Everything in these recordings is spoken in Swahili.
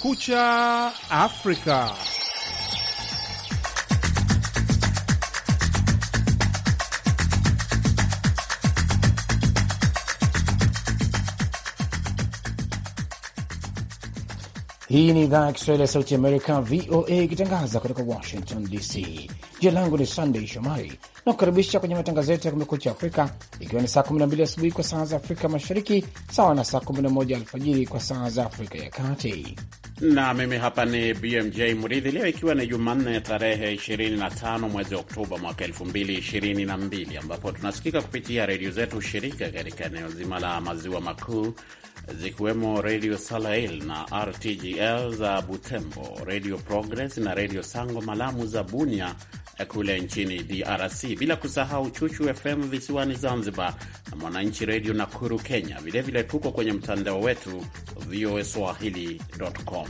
Kumekucha Afrika. Hii ni idhaa ya Kiswahili ya Sauti Amerika, VOA, ikitangaza kutoka Washington DC. Jina langu ni Sandey Shomari na kukaribisha kwenye matangazo yetu ya Kumekucha Afrika, ikiwa ni saa 12 asubuhi kwa saa za Afrika Mashariki, sawa na saa 11 alfajiri kwa saa za Afrika ya Kati. Na mimi hapa ni BMJ Mridhi. Leo ikiwa ni Jumanne tarehe 25 mwezi Oktoba mwaka 2022, ambapo tunasikika kupitia redio zetu shirika katika eneo zima la maziwa makuu zikiwemo Redio Salail na RTGL za Butembo, Redio Progress na Redio Sango Malamu za Bunia, kule nchini DRC, bila kusahau Chuchu FM visiwani Zanzibar na Mwananchi Redio Nakuru, Kenya. Vilevile tuko kwenye mtandao wetu voa swahili.com.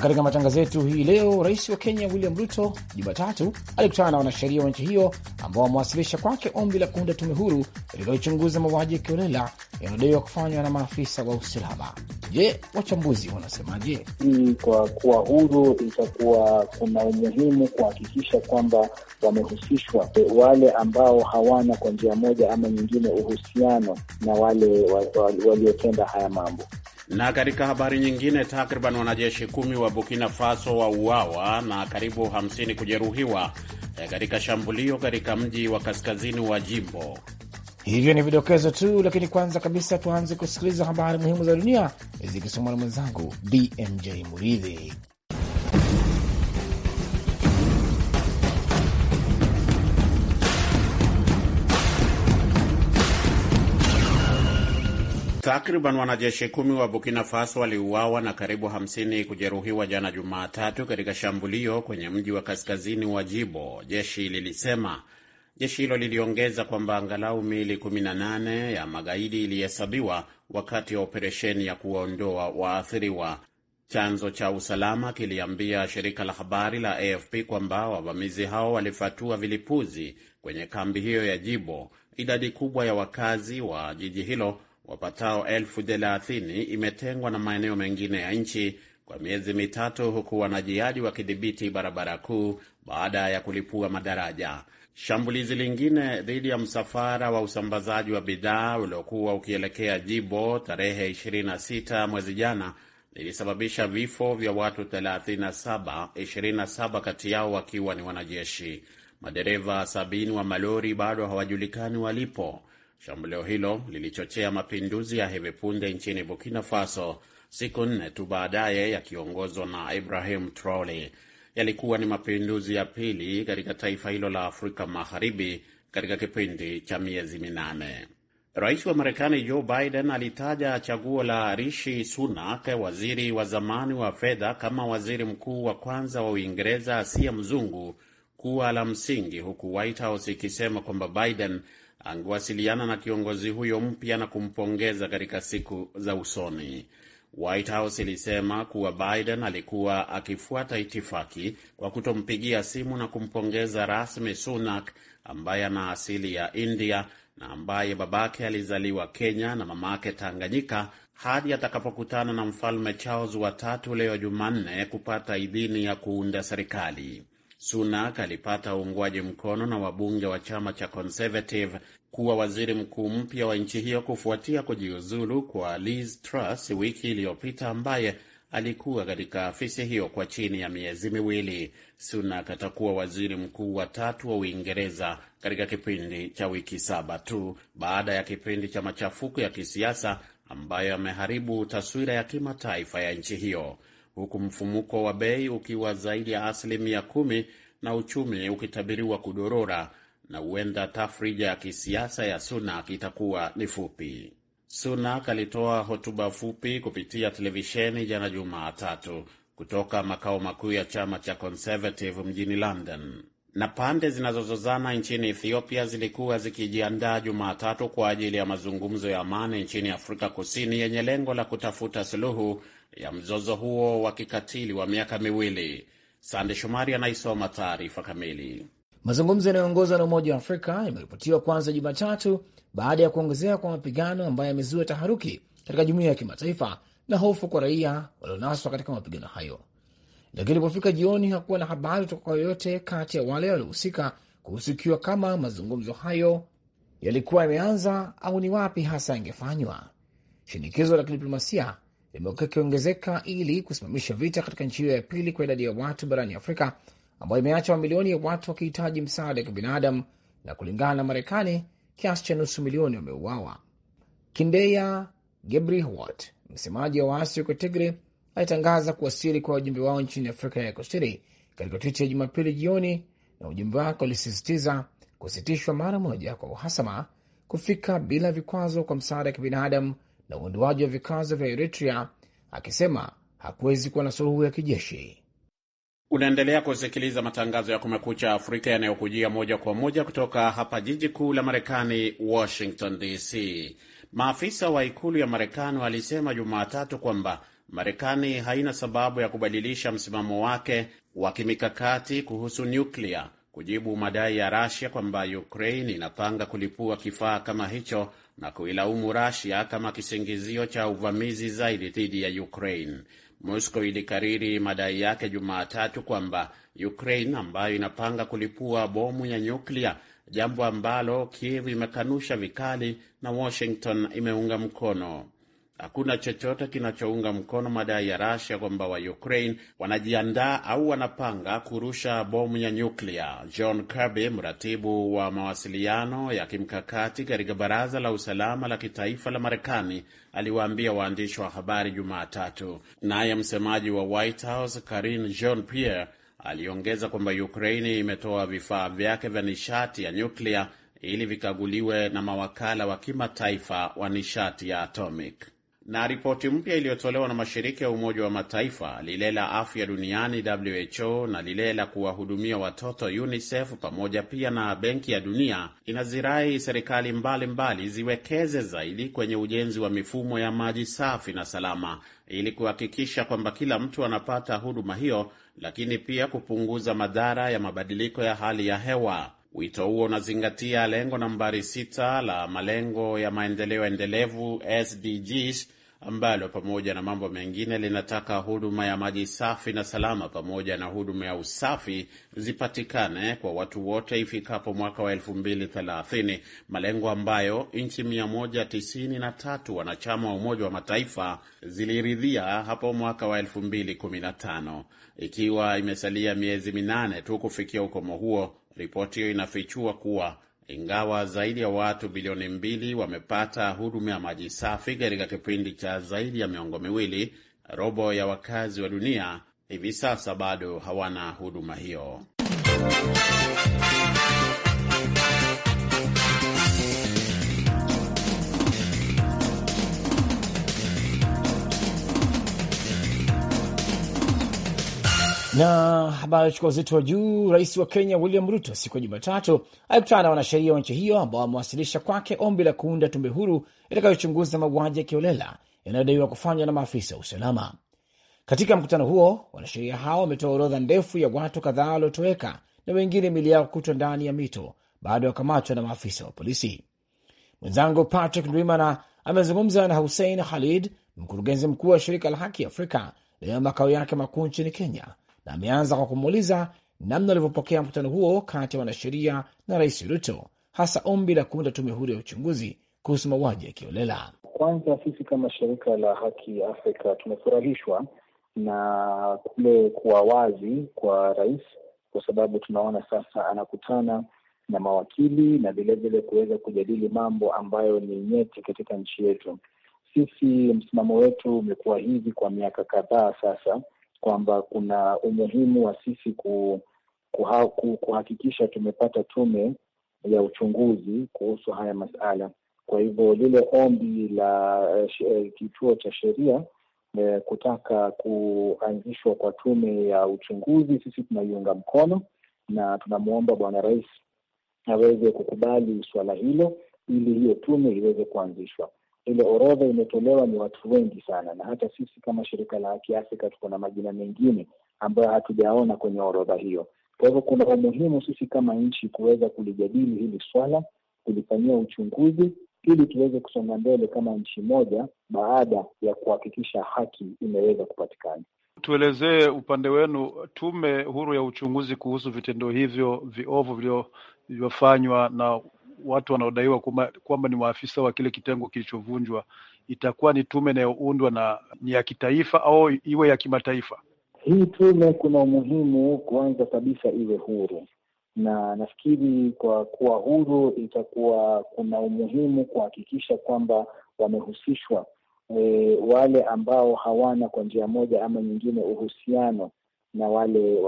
katika matangazo yetu hii leo, rais wa Kenya William Ruto Jumatatu alikutana na wanasheria wa nchi hiyo ambao wamewasilisha kwake ombi la kuunda tume huru itakayochunguza mauaji ya kiolela yanayodaiwa kufanywa na maafisa wa usalama. Je, wachambuzi wanasemaje? Hii kwa kuwa huru itakuwa kuna umuhimu kuhakikisha kwamba wamehusishwa e, wale ambao hawana kwa njia moja ama nyingine uhusiano na wale waliotenda haya mambo. Na katika habari nyingine, takriban wanajeshi kumi wa Burkina Faso wauawa na karibu 50 kujeruhiwa e, katika shambulio katika mji wa kaskazini wa jimbo. Hivyo ni vidokezo tu, lakini kwanza kabisa tuanze kusikiliza habari muhimu za dunia zikisomwa na mwenzangu BMJ Muridhi. Takriban wanajeshi kumi wa Burkina Faso waliuawa na karibu hamsini kujeruhiwa jana Jumatatu katika shambulio kwenye mji wa kaskazini wa Jibo, jeshi lilisema. Jeshi hilo liliongeza kwamba angalau miili 18 ya magaidi ilihesabiwa wakati wa operesheni ya kuwaondoa waathiriwa. Chanzo cha usalama kiliambia shirika la habari la AFP kwamba wavamizi hao walifatua vilipuzi kwenye kambi hiyo ya Jibo. Idadi kubwa ya wakazi wa jiji hilo wapatao elfu thelathini imetengwa na maeneo mengine ya nchi kwa miezi mitatu, huku wanajiadi wakidhibiti barabara kuu baada ya kulipua madaraja. Shambulizi lingine dhidi ya msafara wa usambazaji wa bidhaa uliokuwa ukielekea Jibo tarehe 26 mwezi jana lilisababisha vifo vya watu 37, 27 kati yao wakiwa ni wanajeshi. Madereva 70 wa malori bado hawajulikani walipo. Shambulio hilo lilichochea mapinduzi ya hivi punde nchini Burkina Faso siku nne tu baadaye, yakiongozwa na Ibrahim Traore. Yalikuwa ni mapinduzi ya pili katika taifa hilo la Afrika Magharibi katika kipindi cha miezi minane. Rais wa Marekani Joe Biden alitaja chaguo la Rishi Sunak, waziri wa zamani wa fedha, kama waziri mkuu wa kwanza wa Uingereza asiye mzungu kuwa la msingi, huku White House ikisema kwamba Biden angewasiliana na kiongozi huyo mpya na kumpongeza katika siku za usoni. White House ilisema kuwa Biden alikuwa akifuata itifaki kwa kutompigia simu na kumpongeza rasmi Sunak ambaye ana asili ya India na ambaye babake alizaliwa Kenya na mamake Tanganyika hadi atakapokutana na Mfalme Charles wa tatu leo Jumanne kupata idhini ya kuunda serikali. Sunak alipata uungwaji mkono na wabunge wa chama cha Conservative kuwa waziri mkuu mpya wa nchi hiyo kufuatia kujiuzulu kwa Liz Truss wiki iliyopita ambaye alikuwa katika afisi hiyo kwa chini ya miezi miwili. Sunak atakuwa waziri mkuu wa tatu wa Uingereza katika kipindi cha wiki saba tu baada ya kipindi cha machafuko ya kisiasa ambayo yameharibu taswira ya kimataifa ya nchi hiyo huku mfumuko wa bei ukiwa zaidi ya asilimia kumi na uchumi ukitabiriwa kudorora na huenda tafrija ya kisiasa ya Sunak itakuwa ni fupi. Sunak alitoa hotuba fupi kupitia televisheni jana Jumatatu kutoka makao makuu ya chama cha Conservative mjini London. Na pande zinazozozana nchini Ethiopia zilikuwa zikijiandaa Jumatatu kwa ajili ya mazungumzo ya amani nchini Afrika Kusini yenye lengo la kutafuta suluhu ya mzozo huo wa kikatili wa miaka miwili. Sande Shomari anaisoma taarifa kamili. Mazungumzo yanayoongozwa na Umoja wa Afrika yameripotiwa kwanza Jumatatu baada ya kuongezeka kwa mapigano ambayo yamezua taharuki katika jumuiya ya kimataifa na hofu kwa raia walionaswa katika mapigano hayo, lakini ilipofika jioni hakuwa na habari toka kwa yoyote kati ya wale waliohusika kuhusikiwa kama mazungumzo hayo yalikuwa yameanza au ni wapi hasa yangefanywa. Shinikizo la kidiplomasia limekuwa ikiongezeka ili kusimamisha vita katika nchi hiyo ya pili kwa idadi ya watu barani Afrika, ambayo imeacha mamilioni ya watu wakihitaji msaada wa kibinadamu, na kulingana na Marekani, kiasi cha nusu milioni wameuawa. Kindeya Gebrihwat, msemaji wa waasi huko Tigre, alitangaza kuwasili kwa wajumbe wao nchini Afrika ya Kusini katika twiti ya Jumapili jioni, na ujumbe wake ulisisitiza kusitishwa mara moja kwa uhasama, kufika bila vikwazo kwa msaada wa kibinadamu na uondoaji wa vikazo vya Eritrea, akisema hakuwezi kuwa na suluhu ya kijeshi. Unaendelea kusikiliza matangazo ya Kumekucha Afrika yanayokujia moja kwa moja kutoka hapa jiji kuu la Marekani, Washington DC. Maafisa wa ikulu ya Marekani walisema Jumatatu kwamba Marekani haina sababu ya kubadilisha msimamo wake wa kimikakati kuhusu nyuklia kujibu madai ya Rasia kwamba Ukraine inapanga kulipua kifaa kama hicho na kuilaumu Rasia kama kisingizio cha uvamizi zaidi dhidi ya Ukraine. Moscow ilikariri madai yake Jumatatu kwamba Ukraine ambayo inapanga kulipua bomu ya nyuklia, jambo ambalo Kiev imekanusha vikali na Washington imeunga mkono. Hakuna chochote kinachounga mkono madai ya rusia kwamba wa Ukraine wanajiandaa au wanapanga kurusha bomu ya nyuklia. John Kirby, mratibu wa mawasiliano ya kimkakati katika Baraza la Usalama la Kitaifa la Marekani, aliwaambia waandishi wa habari Jumatatu. Naye msemaji wa White House Karine Jean-Pierre aliongeza kwamba Ukraini imetoa vifaa vyake vya nishati ya nyuklia ili vikaguliwe na mawakala wa kimataifa wa nishati ya atomic. Na ripoti mpya iliyotolewa na mashirika ya Umoja wa Mataifa, lile la afya duniani WHO na lile la kuwahudumia watoto UNICEF, pamoja pia na Benki ya Dunia, inazirai serikali mbalimbali ziwekeze zaidi kwenye ujenzi wa mifumo ya maji safi na salama ili kuhakikisha kwamba kila mtu anapata huduma hiyo, lakini pia kupunguza madhara ya mabadiliko ya hali ya hewa. Wito huo unazingatia lengo nambari sita la malengo ya maendeleo endelevu SDGs, ambalo pamoja na mambo mengine linataka huduma ya maji safi na salama pamoja na huduma ya usafi zipatikane kwa watu wote ifikapo mwaka wa 2030, malengo ambayo nchi 193 wanachama wa Umoja wa Mataifa ziliridhia hapo mwaka wa 2015, ikiwa imesalia miezi minane tu kufikia ukomo huo. Ripoti hiyo inafichua kuwa ingawa zaidi ya watu bilioni mbili wamepata huduma ya maji safi katika kipindi cha zaidi ya miongo miwili, robo ya wakazi wa dunia hivi sasa bado hawana huduma hiyo. Na habari chukua uzito wa juu, rais wa Kenya William Ruto siku ya Jumatatu alikutana na wanasheria wa nchi hiyo ambao wamewasilisha kwake ombi la kuunda tume huru itakayochunguza mauaji ya kiolela yanayodaiwa kufanywa na maafisa wa usalama. Katika mkutano huo, wanasheria hao wametoa orodha ndefu ya watu kadhaa waliotoweka na wengine mili yao kutwa ndani ya mito baada ya kukamatwa na maafisa wa polisi. Mwenzangu Patrick Ndwimana amezungumza na Hussein Khalid, mkurugenzi mkuu wa shirika la Haki Afrika lenye makao yake makuu nchini Kenya na ameanza kwa kumuuliza namna alivyopokea mkutano huo kati ya wanasheria na Rais Ruto, hasa ombi la kuunda tume huru ya uchunguzi kuhusu mauaji ya kiolela. Kwanza sisi kama shirika la Haki Afrika tumefurahishwa na kule kuwa wazi kwa rais, kwa sababu tunaona sasa anakutana na mawakili na vilevile kuweza kujadili mambo ambayo ni nyeti katika nchi yetu. Sisi msimamo wetu umekuwa hivi kwa miaka kadhaa sasa, kwamba kuna umuhimu wa sisi ku, kuha, ku, kuhakikisha tumepata tume ya uchunguzi kuhusu haya masala. Kwa hivyo lile ombi la eh, eh kituo cha sheria eh, kutaka kuanzishwa kwa tume ya uchunguzi, sisi tunaiunga mkono na tunamwomba Bwana Rais aweze kukubali suala hilo ili hiyo tume iweze kuanzishwa ile orodha imetolewa, ni watu wengi sana, na hata sisi kama shirika la Haki Afrika tuko na majina mengine ambayo hatujaona kwenye orodha hiyo. Kwa hivyo kuna umuhimu sisi kama nchi kuweza kulijadili hili swala, kulifanyia uchunguzi ili tuweze kusonga mbele kama nchi moja, baada ya kuhakikisha haki imeweza kupatikana. Tuelezee upande wenu, tume huru ya uchunguzi kuhusu vitendo hivyo viovu vilivyofanywa na watu wanaodaiwa kwamba ni maafisa wa kile kitengo kilichovunjwa itakuwa ni tume inayoundwa na ni ya kitaifa au iwe ya kimataifa? Hii tume kuna umuhimu kwanza kabisa iwe huru, na nafikiri kwa kuwa huru itakuwa kuna umuhimu kuhakikisha kwamba wamehusishwa e, wale ambao hawana kwa njia moja ama nyingine uhusiano na wale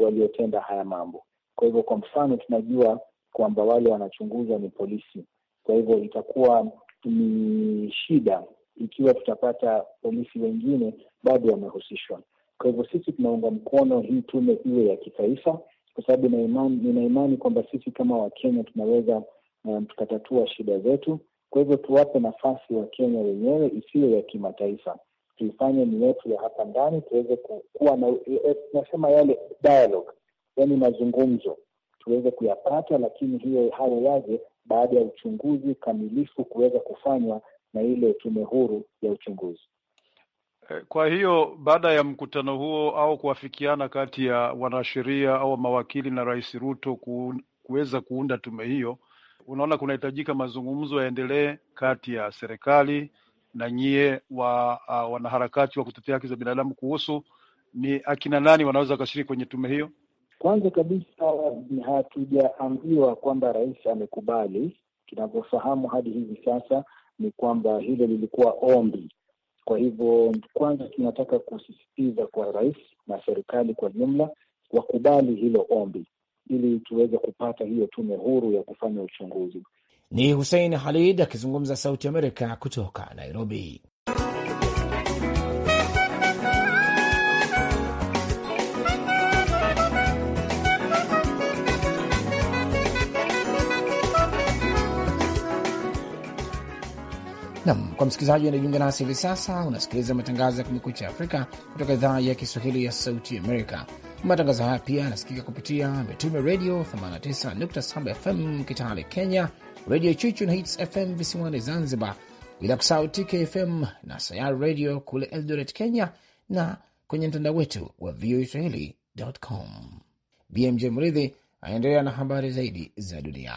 waliotenda wa, wa, wa haya mambo. Kwa hivyo, kwa mfano tunajua kwamba wale wanachunguzwa ni polisi. Kwa hivyo itakuwa ni shida ikiwa tutapata polisi wengine bado wamehusishwa. Kwa hivyo sisi tunaunga mkono hii tume iwe ya kitaifa, kwa sababu nina imani kwamba sisi kama Wakenya tunaweza um, tukatatua shida zetu. Kwa hivyo tuwape nafasi Wakenya wenyewe, isiyo ya kimataifa, tuifanye ni yetu ya hapa ndani, tuweze kuwa na tunasema eh, eh, yale dialogue, yani mazungumzo tuweze kuyapata, lakini hiyo hayo yaje baada ya uchunguzi kamilifu kuweza kufanywa na ile tume huru ya uchunguzi. Eh, kwa hiyo baada ya mkutano huo au kuafikiana kati ya wanasheria au mawakili na Rais Ruto kuweza kuunda tume hiyo, unaona kunahitajika mazungumzo yaendelee kati ya serikali na nyie wa uh, wanaharakati wa kutetea haki za binadamu kuhusu ni akina nani wanaweza wakashiriki kwenye tume hiyo? Kwanza kabisa hatujaambiwa kwamba rais amekubali. Tunavyofahamu hadi hivi sasa ni kwamba hilo lilikuwa ombi. Kwa hivyo, kwanza tunataka kusisitiza kwa rais na serikali kwa jumla wakubali hilo ombi ili tuweze kupata hiyo tume huru ya kufanya uchunguzi. Ni Hussein halid akizungumza Sauti Amerika kutoka Nairobi. Nam, kwa msikilizaji anajiunga nasi hivi sasa, unasikiliza matangazo ya Kumekucha Afrika kutoka idhaa ya Kiswahili ya Sauti Amerika. Matangazo haya pia yanasikika kupitia Mitume Redio 89.7 FM Kitale Kenya, Redio Chuchu na Hits FM visiwani Zanzibar, bila kusahau TKFM na Sayari Redio kule Eldoret, Kenya, na kwenye mtandao wetu wa VOA Swahili.com. BMJ Mridhi anaendelea na habari zaidi za dunia.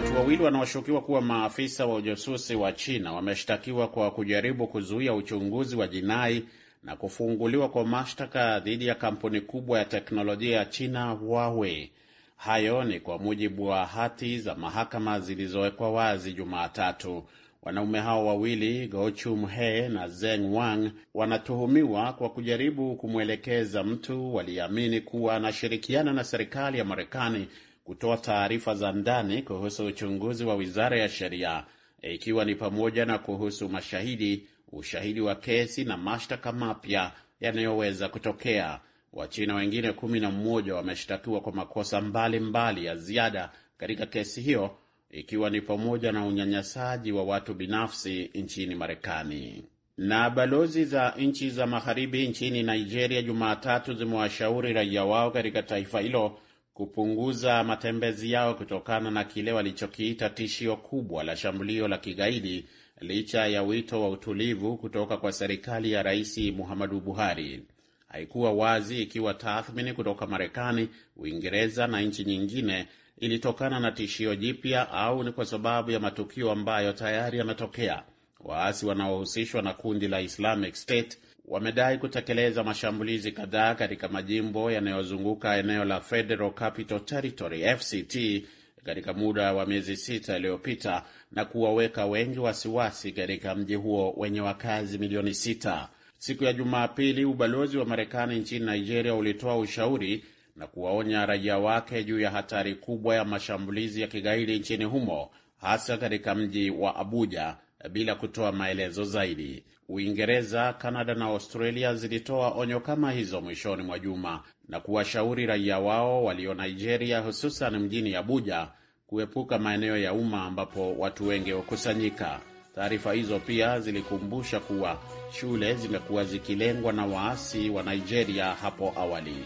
Watu wawili wanaoshukiwa kuwa maafisa wa ujasusi wa China wameshtakiwa kwa kujaribu kuzuia uchunguzi wa jinai na kufunguliwa kwa mashtaka dhidi ya kampuni kubwa ya teknolojia ya China Huawei. Hayo ni kwa mujibu wa hati za mahakama zilizowekwa wazi Jumatatu. Wanaume hao wawili Gochum He na Zeng Wang wanatuhumiwa kwa kujaribu kumwelekeza mtu waliyeamini kuwa anashirikiana na serikali ya Marekani kutoa taarifa za ndani kuhusu uchunguzi wa wizara ya sheria, ikiwa ni pamoja na kuhusu mashahidi, ushahidi wa kesi na mashtaka mapya yanayoweza kutokea. Wachina wengine kumi na mmoja wameshtakiwa kwa makosa mbalimbali mbali ya ziada katika kesi hiyo ikiwa ni pamoja na unyanyasaji wa watu binafsi nchini Marekani. Na balozi za nchi za magharibi nchini Nigeria Jumatatu zimewashauri raia wao katika taifa hilo kupunguza matembezi yao kutokana na kile walichokiita tishio kubwa la shambulio la kigaidi licha ya wito wa utulivu kutoka kwa serikali ya Rais Muhammadu Buhari. Haikuwa wazi ikiwa tathmini kutoka Marekani, Uingereza na nchi nyingine ilitokana na tishio jipya au ni kwa sababu ya matukio ambayo tayari yametokea. Waasi wanaohusishwa na kundi la Islamic State wamedai kutekeleza mashambulizi kadhaa katika majimbo yanayozunguka eneo la Federal Capital Territory FCT katika muda wa miezi sita iliyopita na kuwaweka wengi wasiwasi katika mji huo wenye wakazi milioni sita. Siku ya Jumapili, ubalozi wa Marekani nchini Nigeria ulitoa ushauri na kuwaonya raia wake juu ya hatari kubwa ya mashambulizi ya kigaidi nchini humo, hasa katika mji wa Abuja bila kutoa maelezo zaidi. Uingereza, Kanada na Australia zilitoa onyo kama hizo mwishoni mwa juma na kuwashauri raia wao walio Nigeria, hususan mjini Abuja, kuepuka maeneo ya umma ambapo watu wengi hukusanyika. Taarifa hizo pia zilikumbusha kuwa shule zimekuwa zikilengwa na waasi wa Nigeria hapo awali.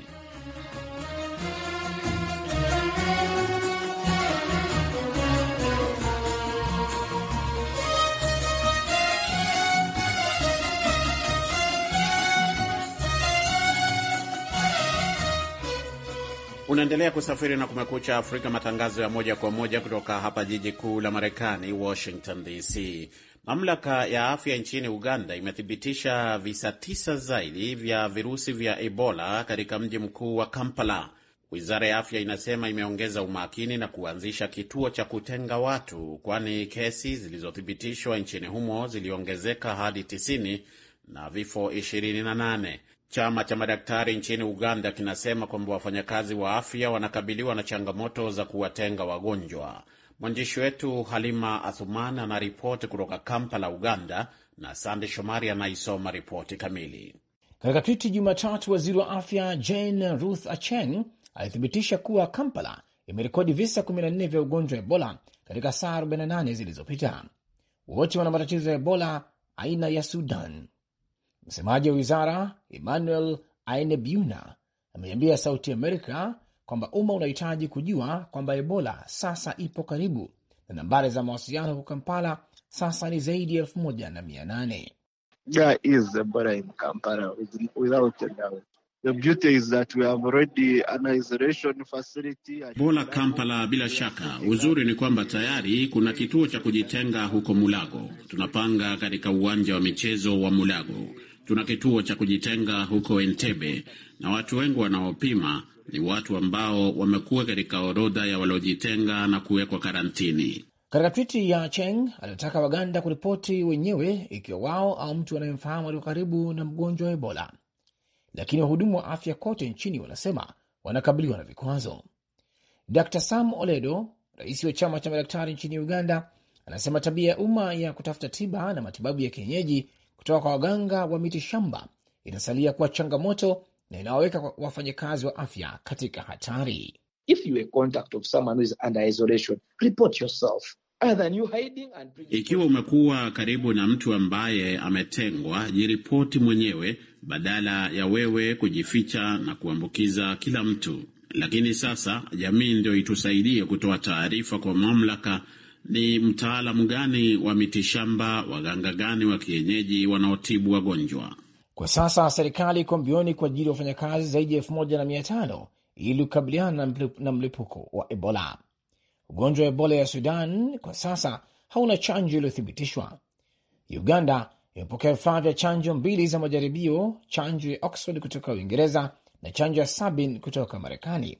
Unaendelea kusafiri na Kumekucha Afrika, matangazo ya moja kwa moja kutoka hapa jiji kuu la Marekani, Washington DC. Mamlaka ya afya nchini Uganda imethibitisha visa tisa zaidi vya virusi vya Ebola katika mji mkuu wa Kampala. Wizara ya afya inasema imeongeza umakini na kuanzisha kituo cha kutenga watu, kwani kesi zilizothibitishwa nchini humo ziliongezeka hadi 90 na vifo 28. Chama cha madaktari nchini Uganda kinasema kwamba wafanyakazi wa afya wanakabiliwa na changamoto za kuwatenga wagonjwa. Mwandishi wetu Halima Athuman anaripoti kutoka Kampala, Uganda, na Sande Shomari anaisoma ripoti kamili. Katika twiti Jumatatu, waziri wa afya Jane Ruth Acheng alithibitisha kuwa Kampala imerekodi visa 14 vya ugonjwa wa Ebola katika saa 48 zilizopita. Wote wana matatizo ya Ebola aina ya Sudan. Msemaji wa wizara Emmanuel Ainebiuna ameambia Sauti Amerika kwamba umma unahitaji kujua kwamba Ebola sasa ipo karibu na nambari za mawasiliano huko Kampala sasa ni zaidi ya elfu moja na mia nane. Ebola Kampala, bila shaka. Uzuri ni kwamba tayari kuna kituo cha kujitenga huko Mulago. Tunapanga katika uwanja wa michezo wa Mulago Tuna kituo cha kujitenga huko Entebbe na watu wengi wanaopima ni watu ambao wamekuwa katika orodha ya waliojitenga na kuwekwa karantini. Katika twiti ya Cheng alitaka Waganda kuripoti wenyewe ikiwa wao au mtu anayemfahamu walio karibu na mgonjwa wa Ebola, lakini wahudumu wa afya kote nchini wanasema wanakabiliwa na vikwazo. Dr Sam Oledo, rais wa chama cha madaktari nchini Uganda, anasema tabia ya umma ya kutafuta tiba na matibabu ya kienyeji kutoka kwa waganga wa miti shamba inasalia kuwa changamoto na inaoweka wafanyakazi wa afya katika hatari. Ikiwa umekuwa karibu na mtu ambaye ametengwa, jiripoti mwenyewe badala ya wewe kujificha na kuambukiza kila mtu. Lakini sasa jamii ndio itusaidie kutoa taarifa kwa mamlaka ni mtaalamu gani wa mitishamba, waganga gani wa kienyeji wanaotibu wagonjwa? Kwa sasa serikali iko mbioni kwa ajili ya wafanyakazi zaidi ya elfu moja na mia tano ili kukabiliana na mlipuko wa Ebola. Ugonjwa wa Ebola ya Sudan kwa sasa hauna chanjo iliyothibitishwa. Uganda imepokea vifaa vya chanjo mbili za majaribio, chanjo ya Oxford kutoka Uingereza na chanjo ya Sabin kutoka Marekani,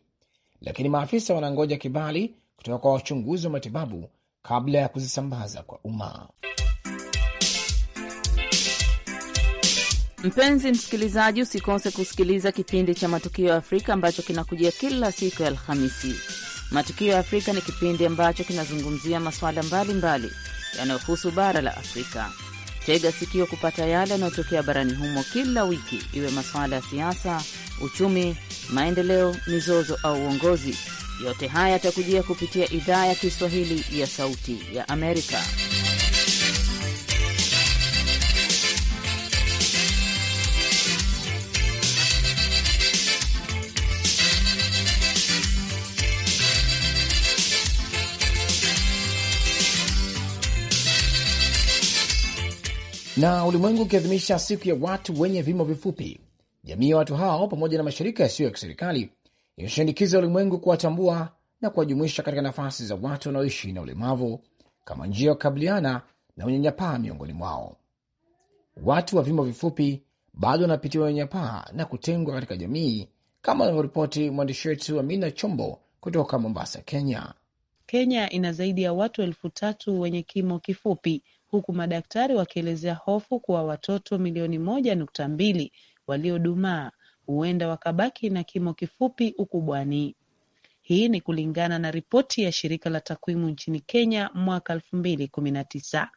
lakini maafisa wanangoja kibali kutoka kwa wachunguzi wa matibabu kabla ya kuzisambaza kwa umma. Mpenzi msikilizaji, usikose kusikiliza kipindi cha Matukio ya Afrika ambacho kinakujia kila siku ya Alhamisi. Matukio ya Afrika ni kipindi ambacho kinazungumzia masuala mbalimbali yanayohusu bara la Afrika. Tega sikio kupata yale yanayotokea barani humo kila wiki, iwe masuala ya siasa, uchumi, maendeleo, mizozo au uongozi. Yote haya yatakujia kupitia idhaa ya Kiswahili ya Sauti ya Amerika. na ulimwengu ukiadhimisha siku ya watu wenye vimo vifupi, jamii ya watu hao pamoja na mashirika yasiyo ya kiserikali inashinikiza ulimwengu kuwatambua na kuwajumuisha katika nafasi za watu wanaoishi na ulemavu kama njia ya kukabiliana na unyanyapaa miongoni mwao. Watu wa vimo vifupi bado wanapitiwa unyanyapaa na kutengwa katika jamii, kama anavyoripoti mwandishi wetu Amina Chombo kutoka Mombasa, Kenya. Kenya ina zaidi ya watu elfu tatu wenye kimo kifupi, huku madaktari wakielezea hofu kuwa watoto milioni moja nukta mbili waliodumaa huenda wakabaki na kimo kifupi ukubwani. Hii ni kulingana na ripoti ya shirika la takwimu nchini Kenya mwaka elfu mbili kumi na tisa.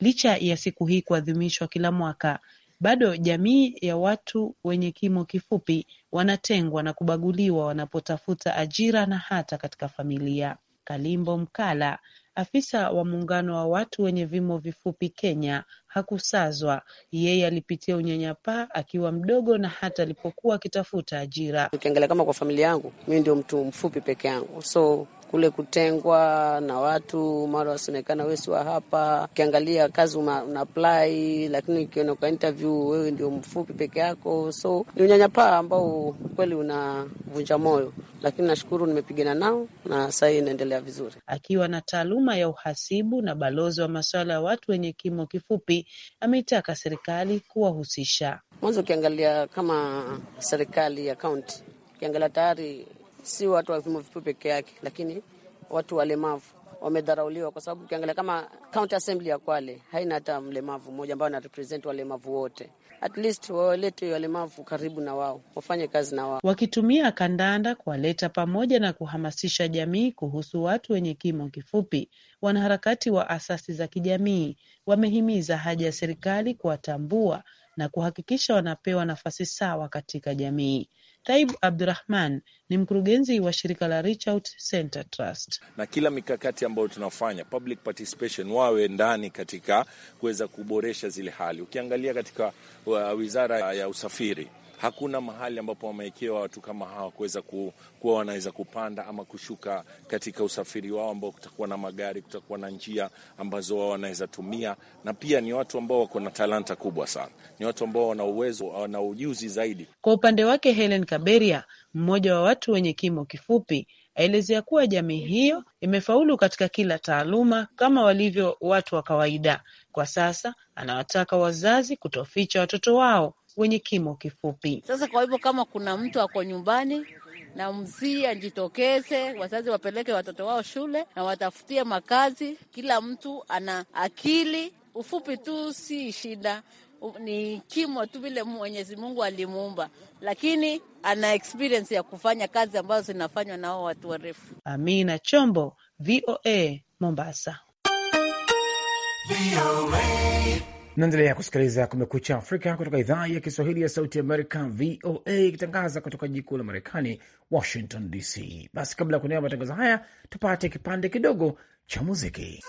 Licha ya siku hii kuadhimishwa kila mwaka, bado jamii ya watu wenye kimo kifupi wanatengwa na kubaguliwa wanapotafuta ajira na hata katika familia. Kalimbo Mkala, afisa wa muungano wa watu wenye vimo vifupi Kenya, hakusazwa. Yeye alipitia unyanyapaa akiwa mdogo na hata alipokuwa akitafuta ajira. Ukiangalia kama kwa familia yangu, mii ndio mtu mfupi peke yangu, so kule kutengwa na watu, mara wasionekana wewe si wa hapa. Ukiangalia kazi una apply, lakini ukiona kwa interview wewe ndio mfupi peke yako, so ni unyanyapaa ambao kweli unavunja moyo, lakini nashukuru nimepigana nao na sahii inaendelea vizuri. Akiwa na taaluma ya uhasibu na balozi wa masuala ya watu wenye kimo kifupi, ameitaka serikali kuwahusisha. Mwanzo ukiangalia kama serikali ya kaunti, ukiangalia tayari si watu wazima vyuo peke yake, lakini watu walemavu wamedharauliwa, kwa sababu ukiangalia kama county assembly ya Kwale haina hata mlemavu mmoja ambaye anarepresent walemavu wote. At least wawalete walemavu karibu na wao, wafanye kazi na wao, wakitumia kandanda kuwaleta pamoja na kuhamasisha jamii kuhusu watu wenye kimo kifupi. Wanaharakati wa asasi za kijamii wamehimiza haja ya serikali kuwatambua na kuhakikisha wanapewa nafasi sawa katika jamii. Taibu Abdurahman ni mkurugenzi wa shirika la Reach Out Center Trust. Na kila mikakati ambayo tunafanya public participation, wawe ndani katika kuweza kuboresha zile hali. Ukiangalia katika wizara ya usafiri hakuna mahali ambapo wamewekewa watu kama hawa kuweza ku, kuwa wanaweza kupanda ama kushuka katika usafiri wao ambao kutakuwa na magari, kutakuwa na njia ambazo wao wanaweza tumia, na pia ni watu ambao wako na talanta kubwa sana, ni watu ambao wana uwezo, wana ujuzi zaidi. Kwa upande wake Helen Kaberia mmoja wa watu wenye kimo kifupi aelezea kuwa jamii hiyo imefaulu katika kila taaluma kama walivyo watu wa kawaida. Kwa sasa anawataka wazazi kutoficha watoto wao wenye kimo kifupi. Sasa kwa hivyo, kama kuna mtu ako nyumbani na mzii ajitokeze, wazazi wapeleke watoto wao shule na watafutie makazi. Kila mtu ana akili, ufupi tu si shida ni kimwa tu vile Mwenyezi Mungu alimuumba, lakini ana experience ya kufanya kazi ambazo zinafanywa na hao watu warefu. Amina Chombo, VOA Mombasa. Naendelea kusikiliza Kumekucha Afrika kutoka idhaa ya Kiswahili ya Sauti Amerika, VOA, ikitangaza kutoka jiji kuu la Marekani, Washington DC. Basi kabla ya kuendelea matangazo haya, tupate kipande kidogo cha muziki.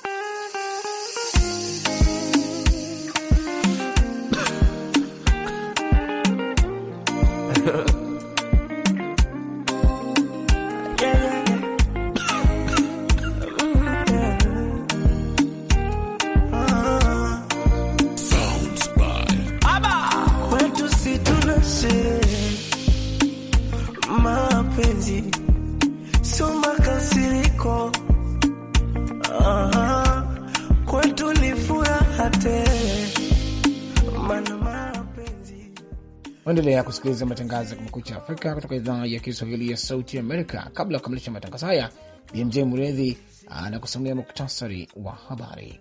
Unaendelea kusikiliza matangazo ya Kumekucha Afrika kutoka idhaa ya Kiswahili ya Sauti Amerika. Kabla ya kukamilisha matangazo haya, BMJ Mredhi anakusomea muktasari wa habari.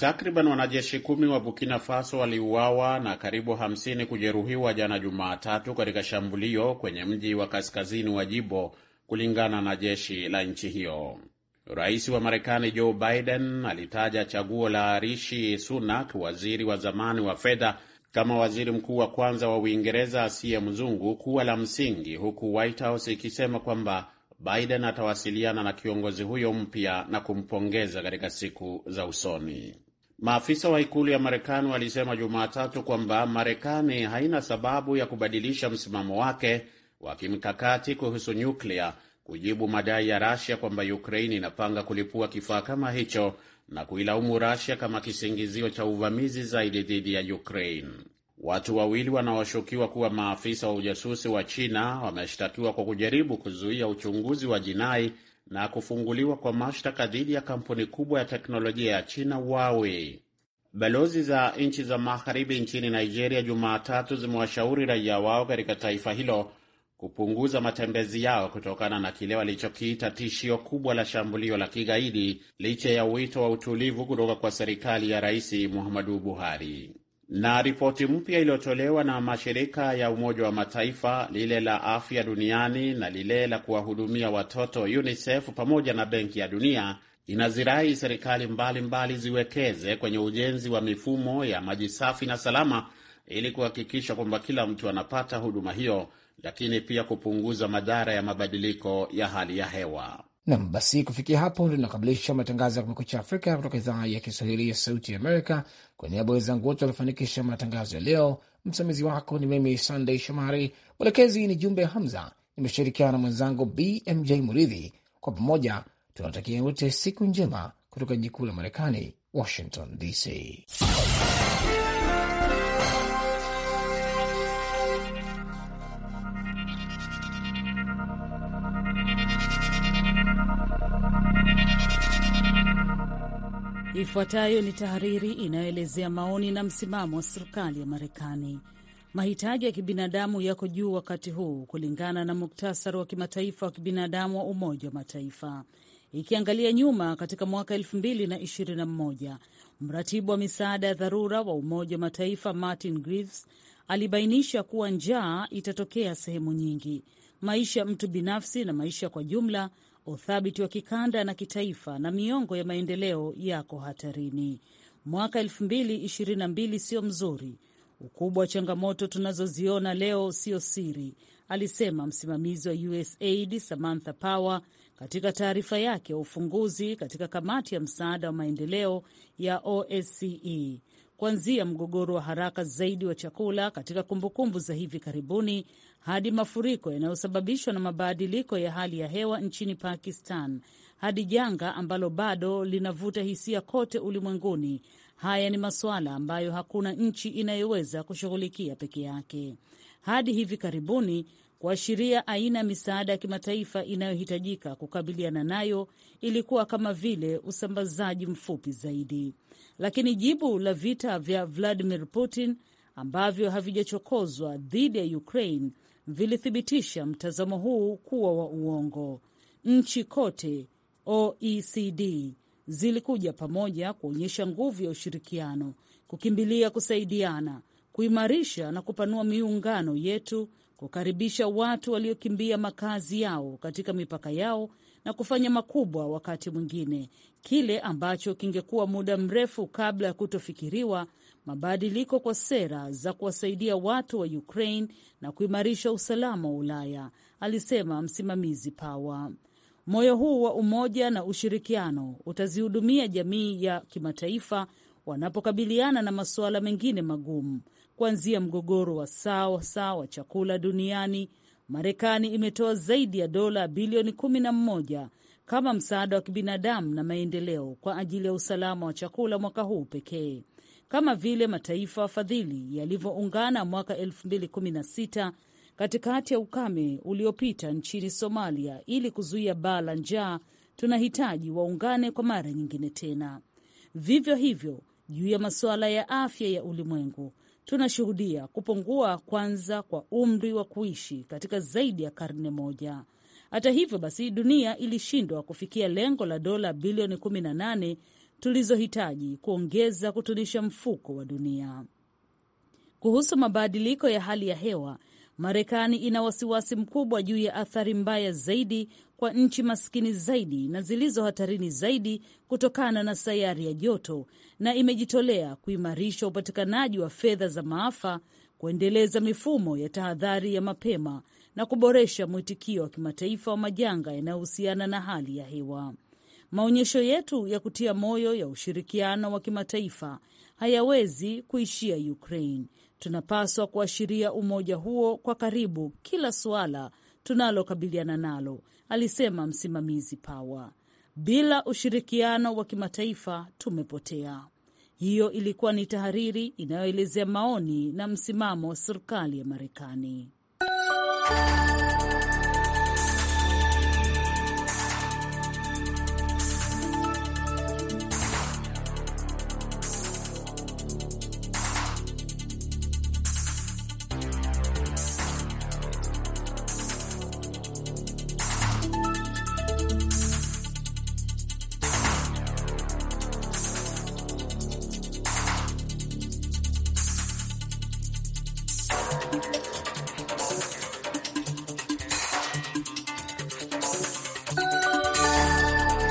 Takriban wanajeshi kumi wa Burkina Faso waliuawa na karibu 50 kujeruhiwa jana Jumatatu katika shambulio kwenye mji wa kaskazini wa Jibo, kulingana na jeshi la nchi hiyo. Rais wa Marekani Joe Biden alitaja chaguo la Rishi Sunak, waziri wa zamani wa fedha, kama waziri mkuu wa kwanza wa Uingereza asiye mzungu kuwa la msingi, huku White House ikisema kwamba Biden atawasiliana na kiongozi huyo mpya na kumpongeza katika siku za usoni. Maafisa wa ikulu ya Marekani walisema Jumatatu kwamba Marekani haina sababu ya kubadilisha msimamo wake wa kimkakati kuhusu nyuklia kujibu madai ya Rasia kwamba ukrain inapanga kulipua kifaa kama hicho na kuilaumu Rasia kama kisingizio cha uvamizi zaidi dhidi ya ukrain Watu wawili wanaoshukiwa kuwa maafisa wa ujasusi wa China wameshtakiwa kwa kujaribu kuzuia uchunguzi wa jinai na kufunguliwa kwa mashtaka dhidi ya kampuni kubwa ya teknolojia ya China Huawei. Balozi za nchi za magharibi nchini Nigeria Jumatatu zimewashauri raia wao katika taifa hilo kupunguza matembezi yao kutokana na kile walichokiita tishio kubwa la shambulio la kigaidi licha ya wito wa utulivu kutoka kwa serikali ya Rais Muhammadu Buhari. Na ripoti mpya iliyotolewa na mashirika ya Umoja wa Mataifa, lile la afya duniani na lile la kuwahudumia watoto UNICEF pamoja na Benki ya Dunia inazirai serikali mbalimbali mbali ziwekeze kwenye ujenzi wa mifumo ya maji safi na salama ili kuhakikisha kwamba kila mtu anapata huduma hiyo lakini pia kupunguza madhara ya mabadiliko ya hali ya hewa. Nam, basi kufikia hapo ndio tunakamilisha matangazo ya Kumekucha Afrika kutoka idhaa ya Kiswahili ya Sauti ya Amerika. Kwa niaba ya wenzangu wote waliofanikisha matangazo ya leo, msimamizi wako ni mimi Sandey Shomari, mwelekezi ni Jumbe Hamza, nimeshirikiana na mwenzangu BMJ Muridhi. Kwa pamoja tunawatakia wote siku njema kutoka jikuu la Marekani, Washington DC. Ifuatayo ni tahariri inayoelezea maoni na msimamo wa serikali ya Marekani. Mahitaji ya kibinadamu yako juu wakati huu kulingana na muktasari wa kimataifa wa kibinadamu wa Umoja wa Mataifa. Ikiangalia nyuma katika mwaka 2021 mratibu wa misaada ya dharura wa Umoja wa Mataifa Martin Griffiths alibainisha kuwa njaa itatokea sehemu nyingi, maisha ya mtu binafsi na maisha kwa jumla uthabiti wa kikanda na kitaifa na miongo ya maendeleo yako hatarini. Mwaka 2022 sio mzuri. Ukubwa wa changamoto tunazoziona leo sio siri, alisema msimamizi wa USAID Samantha Power katika taarifa yake ya ufunguzi katika kamati ya msaada wa maendeleo ya OSCE kuanzia mgogoro wa haraka zaidi wa chakula katika kumbukumbu za hivi karibuni hadi mafuriko yanayosababishwa na mabadiliko ya hali ya hewa nchini Pakistan hadi janga ambalo bado linavuta hisia kote ulimwenguni. Haya ni masuala ambayo hakuna nchi inayoweza kushughulikia peke yake hadi hivi karibuni, kuashiria aina ya misaada ya kimataifa inayohitajika kukabiliana nayo ilikuwa kama vile usambazaji mfupi zaidi lakini jibu la vita vya Vladimir Putin ambavyo havijachokozwa dhidi ya Ukraine vilithibitisha mtazamo huu kuwa wa uongo. Nchi kote OECD zilikuja pamoja kuonyesha nguvu ya ushirikiano, kukimbilia kusaidiana, kuimarisha na kupanua miungano yetu, kukaribisha watu waliokimbia makazi yao katika mipaka yao na kufanya makubwa wakati mwingine, kile ambacho kingekuwa muda mrefu kabla ya kutofikiriwa, mabadiliko kwa sera za kuwasaidia watu wa Ukraine na kuimarisha usalama wa Ulaya, alisema msimamizi Pawa. Moyo huu wa umoja na ushirikiano utazihudumia jamii ya kimataifa wanapokabiliana na masuala mengine magumu, kuanzia mgogoro wa sawa sawa chakula duniani Marekani imetoa zaidi ya dola bilioni 11 kama msaada wa kibinadamu na maendeleo kwa ajili ya usalama wa chakula mwaka huu pekee, kama vile mataifa wafadhili yalivyoungana mwaka 2016 katikati ya ukame uliopita nchini Somalia ili kuzuia baa la njaa. Tunahitaji waungane kwa mara nyingine tena. Vivyo hivyo juu ya masuala ya afya ya ulimwengu, tunashuhudia kupungua kwanza kwa umri wa kuishi katika zaidi ya karne moja. Hata hivyo basi, dunia ilishindwa kufikia lengo la dola bilioni 18 tulizohitaji kuongeza kutunisha mfuko wa dunia. Kuhusu mabadiliko ya hali ya hewa, Marekani ina wasiwasi mkubwa juu ya athari mbaya zaidi kwa nchi maskini zaidi na zilizo hatarini zaidi kutokana na sayari ya joto na imejitolea kuimarisha upatikanaji wa fedha za maafa, kuendeleza mifumo ya tahadhari ya mapema na kuboresha mwitikio wa kimataifa wa majanga yanayohusiana na hali ya hewa. Maonyesho yetu ya kutia moyo ya ushirikiano wa kimataifa hayawezi kuishia Ukraine. Tunapaswa kuashiria umoja huo kwa karibu kila suala tunalokabiliana nalo alisema msimamizi Pawa. Bila ushirikiano wa kimataifa tumepotea. Hiyo ilikuwa ni tahariri inayoelezea maoni na msimamo wa serikali ya Marekani.